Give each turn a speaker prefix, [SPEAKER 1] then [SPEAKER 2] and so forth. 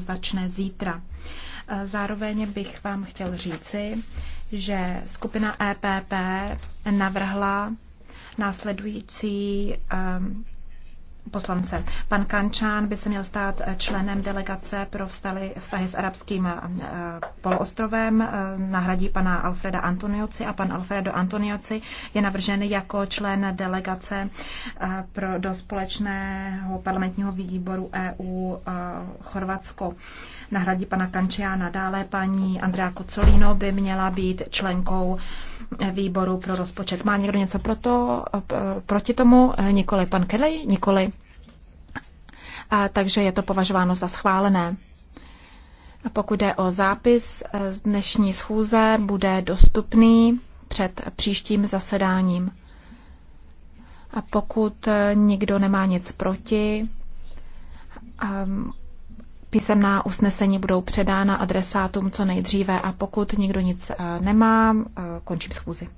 [SPEAKER 1] začne zítra. Zároveň bych vám chtěl říci, že skupina EPP navrhla následující ehm, poslance. Pan Kančán by se měl stát eh, členem delegace pro vztahy, vztahy s arabským eh, poloostrovem. Eh, nahradí pana Alfreda Antonioci a pan Alfredo Antonioci je navržen jako člen delegace pro, do společného parlamentního výboru EU Chorvatsko. Nahradí pana Kančiána. Dále paní Andrea Kocolino by měla být členkou výboru pro rozpočet. Má někdo něco proto, proti tomu? Eh, Nikoli pan Kelly? Nikoli. A, takže je to považováno za schválené. A pokud jde o zápis eh, z dnešní schůze, bude dostupný před příštím zasedáním. A pokud eh, nikdo nemá nic proti, ehm, Písemná usnesení budou předána adresátům co nejdříve a pokud nikdo nic eh, nemá, eh, končím schůzi.